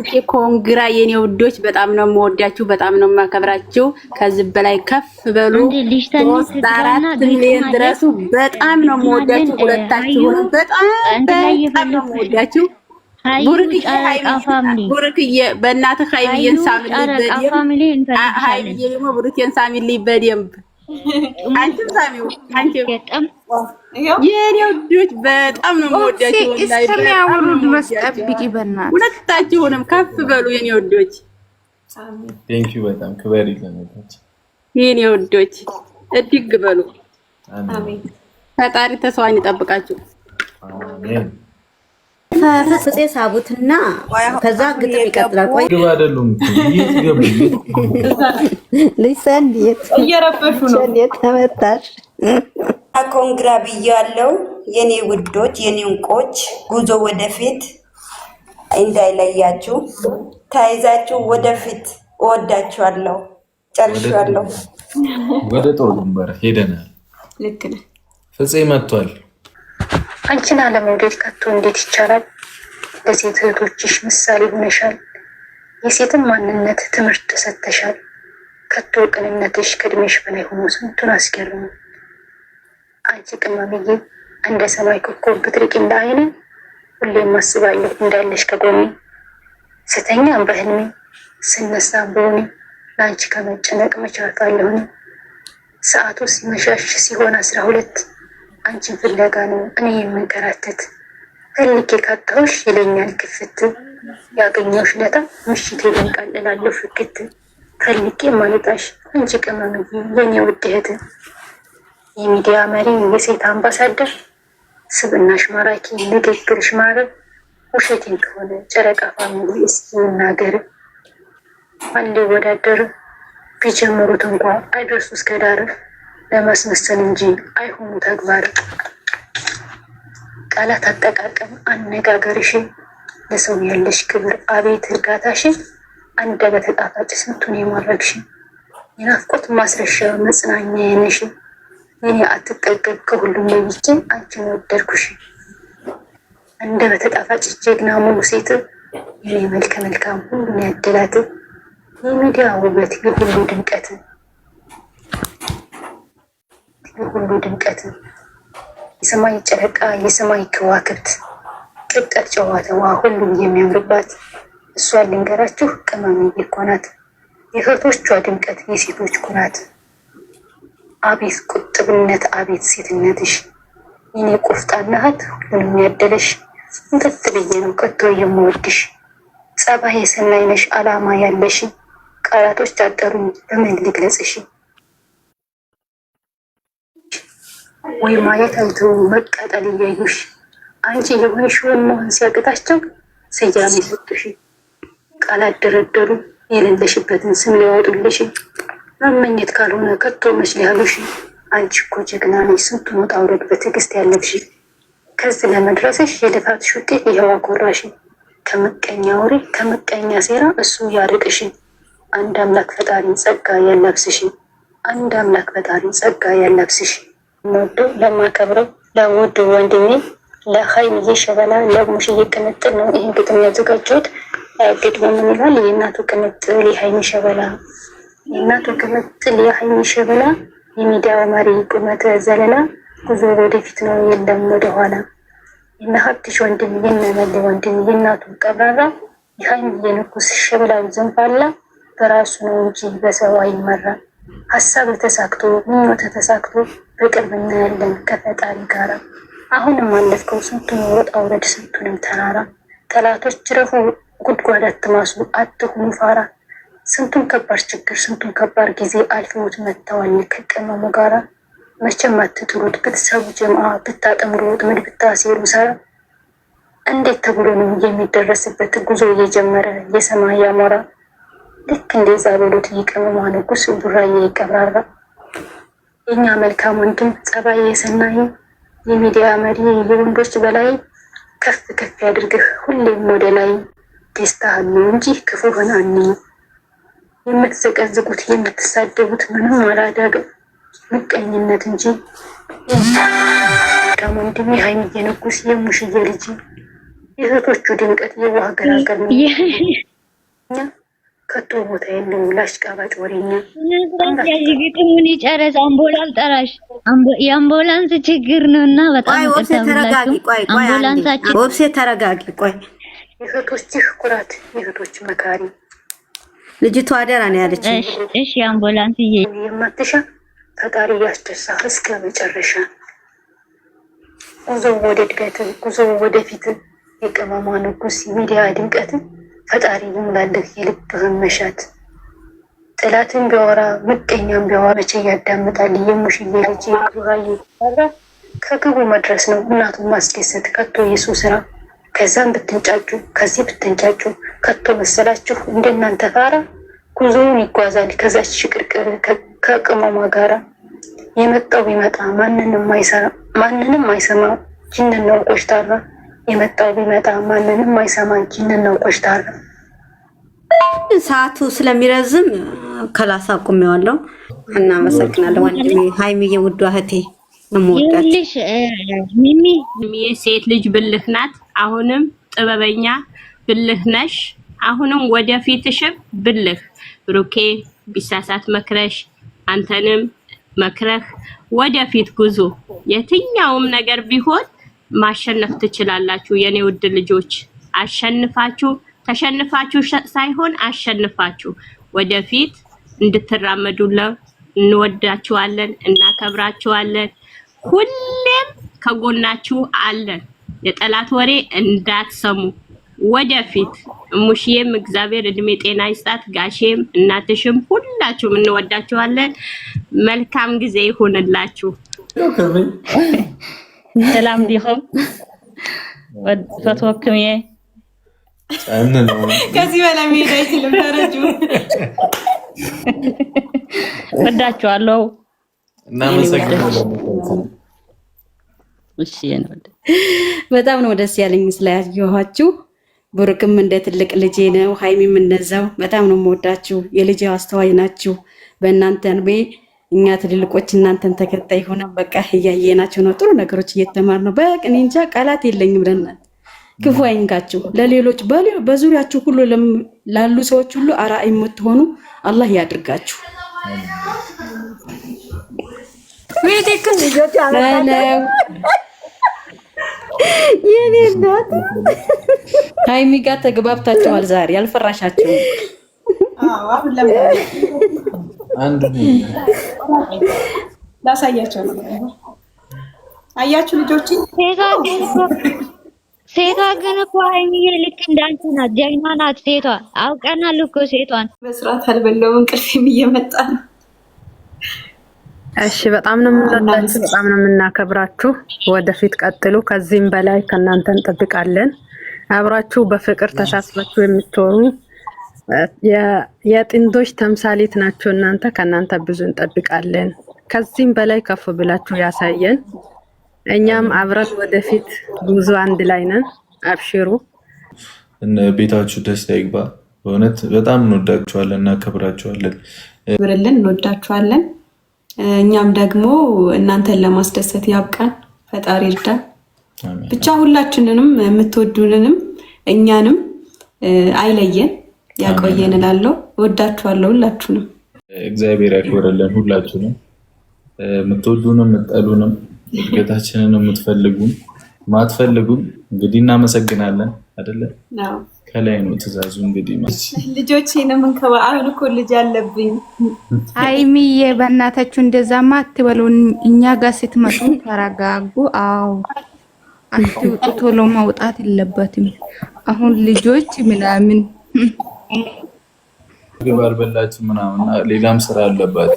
ኦኬ፣ ኮንግራ የኔ ውዶች፣ በጣም ነው የምወዳችሁ፣ በጣም ነው የማከብራችሁ። ከዚህ በላይ ከፍ በሉ፣ ሶስት አራት ሚሊዮን ድረሱ። በጣም ነው የምወዳችሁ በጣም ነው የማከብራችሁ ከዚህ በላይ ከፍ በሉ አራት ሚሊዮን ድረሱ በጣም ነው የምወዳችሁ ሁለታችሁ በጣም በጣም ነው የምወዳችሁ። ቡርክዬ በእናትህ ሀይሚዬን ሳምልኝ በደንብ ሀይሚዬ ደግሞ ቡርኬን ሳምልኝ በደንብ አንቺም ሳሚው የኔ ውዶች በጣም ነው የምወዳቸው። እስከሚያወሩ ድረስ ጠብቂ በእናትሽ፣ ሁለታችሁንም ከፍ በሉ የኔ ውዶች። ቴንኪው በጣም ክበሪ ለነገች የኔ ወዶች እድግ በሉ። ፈጣሪ ተስዋን ይጠብቃችሁ። ፈጽ ሳቡትና ከዛ ግጥም ይቀጥላል። ቆይ ግብ አይደሉም ብያለው የኔ ውዶች፣ የኔ እንቆች፣ ጉዞ ወደፊት እንዳይለያችሁ፣ ተያይዛችሁ ወደፊት። እወዳችኋለሁ። ጨርሻለሁ። ወደ ጦር ግንባር ሄደናል። ልክ ነህ። ፍፄ መጥቷል። አንቺን እንዴት ከቶ እንዴት ይቻላል? ለሴት እህቶችሽ ምሳሌ ሆነሻል። የሴትን ማንነት ትምህርት ሰጥተሻል። ከቶ ቅንነትሽ ከእድሜሽ በላይ ሆኖ ስንቱን አስገርሙ። አንቺ ቅመምዬ እንደ ሰማይ ኮከብ ብትርቅ እንደ አይኔ ሁሌም አስባለሁ እንዳለሽ ከጎኔ። ስተኛ በህልሜ ስነሳ በሆኔ ለአንቺ ከመጨነቅ መቻታለሁኔ። ሰዓቱ ሲመሻሽ ሲሆን አስራ ሁለት አንቺ ፍለጋ ነው እኔ የምንከራተት ፈልጌ ካጣሁሽ ይለኛል ክፍት ያገኘሁሽ ለታ ምሽት ይደንቃል ፍክት ፈልጌ ማለጣሽ አንቺ ቅመምዬ የኔ ውድ እህት የሚዲያ መሪ የሴት አምባሳደር ስብናሽ ማራኪ ንግግርሽ ማረብ ውሸቴን ከሆነ ጨረቃ ፋሚሊ እስኪ ይናገር አንዴ ወዳደር ቢጀምሩት እንኳ አይደርሱ እስከ ዳር ለማስመሰል እንጂ አይሆኑ ተግባር ቃላት አጠቃቀም፣ አነጋገርሽን፣ ለሰው ያለሽ ክብር፣ አቤት እርጋታሽን፣ አንደበተ ጣፋጭ ስንቱን የማረግሽን፣ የናፍቆት ማስረሻ መጽናኛ የነሽን፣ ይህ አትጠገብ ከሁሉም ለይቼ አንቺን ወደድኩሽን፣ አንደበተ ጣፋጭ ጀግና ሙሉ ሴት፣ የኔ መልከ መልካም ሁሉን ያደላት፣ የሚዲያ ውበት የሁሉ ድምቀት የሁሉ ድምቀት የሰማይ ጨረቃ፣ የሰማይ ከዋክብት ጥልቀት፣ ጨዋታዋ ሁሉም የሚያምርባት እሷን ልንገራችሁ ቅመምዬ እኮ የእህቶቿ ድምቀት፣ የሴቶች ኩራት። አቤት ቁጥብነት፣ አቤት ሴትነትሽ የኔ ቆፍጣና እህት ሁሉንም ያደለሽ እንክት ብዬ ነው ቀጥቶ የምወድሽ። ጸባይ የሰናይነሽ፣ አላማ ያለሽ ቃላቶች ታጠሩኝ በምን ልግለጽሽ? ወይ ማየት አይቶ መቀጠል እያዩሽ አንቺ የሆንሽውን መሆን ሲያቅታቸው ስያሜ ሰጡሽ፣ ቃላት ደረደሩ፣ የሌለሽበትን ስም ሊያወጡልሽ። መመኘት ካልሆነ ከቶ መች ሊያሉሽ። አንቺ እኮ ጀግና ነሽ፣ ስንቱን ውጣ ውረድ በትዕግስት ያለፍሽ። ከዚህ ለመድረስሽ የልፋትሽ ውጤት ይኸው አኮራሽ። ከምቀኛ ወሬ ከምቀኛ ሴራ እሱ ያርቅሽ። አንድ አምላክ ፈጣሪን ጸጋ ያለብስሽ፣ አንድ አምላክ ፈጣሪን ጸጋ ያለብስሽ። ለምወደው ለማከብረው ለውድ ወንድሜ ለሀይሚዬ ሸበላ ለሙሽ ቅንጥል ነው ይህን ግጥም ያዘጋጀሁት። ግጥሙ ምን ይላል? የእናቱ ቅንጥል የሀይሚ ሸበላ የእናቱ ቅንጥል የሀይሚ ሸበላ የሚዲያው መሪ ቁመት ዘለላ ጉዞ ወደፊት ነው የለም ወደኋላ የነ ሀብትሽ ወንድም የነመል ወንድም የእናቱ ቀብራራ የሀይሚዬ ንጉስ ሸበላው ዘንፋላ በራሱ ነው እንጂ በሰው አይመራ ሀሳብ ተሳክቶ ምኞት ተሳክቶ በቅርብና ያለን ከፈጣሪ ጋራ። አሁንም አለፍከው ስንቱን ወጥ አውረድ ስንቱንም ተራራ። ጠላቶች ረፉ ጉድጓድ አትማሱ አትሁኑ ፋራ። ስንቱን ከባድ ችግር ስንቱን ከባድ ጊዜ አልፈውት መጥተዋል ከቅመሙ ጋራ። መቼም አትትሩት ብትሰቡ ጀምአ ብታጠምሩ ወጥመድ ብታሴሩ ሰራ። እንዴት ተብሎ ነው የሚደረስበት ጉዞ እየጀመረ የሰማይ አሞራ? ልክ እንደ ዛሎሎት የቅመማ ንጉስ ቡራዬ ይቀብራራ። የኛ መልካም ወንድም ጸባይ የሰናዩ የሚዲያ መሪ የወንዶች በላይ ከፍ ከፍ ያድርግህ። ሁሌም ወደ ላይ ደስታ አሉ እንጂ ክፉህን አንኝ። የምትዘቀዝቁት የምትሳደቡት ምንም አላዳግ ምቀኝነት እንጂ መልካም ወንድም የሀይሚዬ ንጉስ የሙሽዬ ልጅ የእህቶቹ ድምቀት የዋህ ገራገር ነው። ከቶ ቦታ የለም። ላሽቃባጭ ወሬኛ ግጥሙን ይጨረስ። አምቦላል ጠራሽ። የአምቡላንስ ችግር ነው እና በጣም ወብሴ ተረጋጊ። ቆይ አምቡላንሳችን ወብሴ ተረጋጊ። ቆይ የእህቶችህ ኩራት፣ የእህቶች መካሪ ልጅቷ አደራ ነው ያለች። እሺ አምቦላንስ እየ የማትሻ ፈጣሪ ያስደሳ እስከ መጨረሻ ጉዞ ወደ እድገት ጉዞ ወደፊት የቅመሟ ንጉስ ሚዲያ ድምቀትን ፈጣሪ ይሙላልህ የልብህን መሻት። ጥላትን ቢያወራ ምቀኛም ቢያወራ መቼ ያዳምጣል? የሙሽዬ ልጅ ከግቡ መድረስ ነው እናቱን ማስደሰት ከቶ የሱ ስራ። ከዛም ብትንጫጩ ከዚህ ብትንጫጩ ከቶ መሰላችሁ እንደናንተ ፋራ ጉዞውን ይጓዛል ከዛች ሽቅርቅር ከቅመሟ ጋራ የመጣው ቢመጣ ማንንም አይሰማ ጅንን ነው ቆሽታራ የመጣው ቢመጣ ማንንም አይሰማን። ኪንን ነው ቆሽታለን። ሰዓቱ ስለሚረዝም ከላስ አቁሜዋለሁ። እናመሰግናለን ወንድሜ ሀይሚዬ፣ ውዷ እህቴ እምወዳልሽ ሚሚ። ሴት ልጅ ብልህ ናት። አሁንም ጥበበኛ ብልህ ነሽ። አሁንም ወደፊትሽም ብልህ ብሩኬ ቢሳሳት መክረሽ አንተንም መክረህ ወደፊት ጉዞ የትኛውም ነገር ቢሆን ማሸነፍ ትችላላችሁ የኔ ውድ ልጆች። አሸንፋችሁ ተሸንፋችሁ ሳይሆን አሸንፋችሁ ወደፊት እንድትራመዱ እንወዳችኋለን፣ እናከብራችኋለን። ሁሌም ከጎናችሁ አለን። የጠላት ወሬ እንዳትሰሙ። ወደፊት እሙሽዬም እግዚአብሔር እድሜ ጤና ይስጣት፣ ጋሼም እናትሽም፣ ሁላችሁም እንወዳችኋለን። መልካም ጊዜ ይሁንላችሁ። ሰላም ዲኹም ፈትወክም እየ ከዚህ በላይ መሄድ አይችልም። ተረጁ ወዳችኋለሁ። በጣም ነው ደስ ያለኝ ስላየኋችሁ። ብሩክም እንደ ትልቅ ልጄ ነው፣ ሀይሚም እነዛው። በጣም ነው የምወዳችሁ። የልጄ አስተዋይ ናችሁ። በእናንተ እድሜ እኛ ትልልቆች እናንተን ተከታይ ሆነን በቃ እያየናቸው ነው። ጥሩ ነገሮች እየተማር ነው። በቅን እንጃ ቃላት የለኝም። ለእናንተ ክፉ አይንካችሁ። ለሌሎች በዙሪያችሁ ሁሉ ላሉ ሰዎች ሁሉ አራ የምትሆኑ አላህ ያድርጋችሁ። የኔ እናት ሀይሚ ጋር ተግባብታችኋል። ዛሬ አልፈራሻችሁም። ላሳያቸው ነው። አያችሁ ልጆች፣ ሴቷ ግን እኮ ሀይሚዬ ልክ እንዳንቺ ናት፣ ጀግና ናት ሴቷ። አውቀናል እኮ ሴቷን። በስርዓት አልበላሁም፣ እንቅልፌም እየመጣ ነው። እሺ፣ በጣም ነው የምንወዳችሁ፣ በጣም ነው የምናከብራችሁ። ወደፊት ቀጥሉ፣ ከዚህም በላይ ከእናንተ እንጠብቃለን። አብራችሁ በፍቅር ተሳስባችሁ የምትወሩ የጥንዶች ተምሳሌት ናቸው እናንተ። ከእናንተ ብዙ እንጠብቃለን። ከዚህም በላይ ከፍ ብላችሁ ያሳየን። እኛም አብረን ወደፊት ጉዞ አንድ ላይ ነን። አብሽሩ። ቤታችሁ ደስታ ይግባ። በእውነት በጣም እንወዳችኋለን፣ እናከብራችኋለን። ብርልን እንወዳችኋለን። እኛም ደግሞ እናንተን ለማስደሰት ያብቃን፣ ፈጣሪ ይርዳን። ብቻ ሁላችንንም የምትወዱንንም እኛንም አይለየን። ያቆየን እላለሁ። ሁላችሁ ሁላችሁንም። እግዚአብሔር ያክብረልን ሁላችሁንም። የምትወዱንም የምትጠሉንም፣ እድገታችንን የምትፈልጉም ማትፈልጉም እንግዲህ እናመሰግናለን። አደለ ከላይ ነው ትእዛዙ። እንግዲህ ልጆች ነምንከባ አሁን እኮ ልጅ አለብኝ። አይሚዬ በእናታችሁ እንደዛማ አትበሉ። እኛ ጋር ስትመጡ ተረጋጉ። አዎ አትውጡ። ቶሎ መውጣት የለበትም አሁን ልጆች ምናምን ግባር በላችሁ ምናምን ሌላም ስራ አለባት።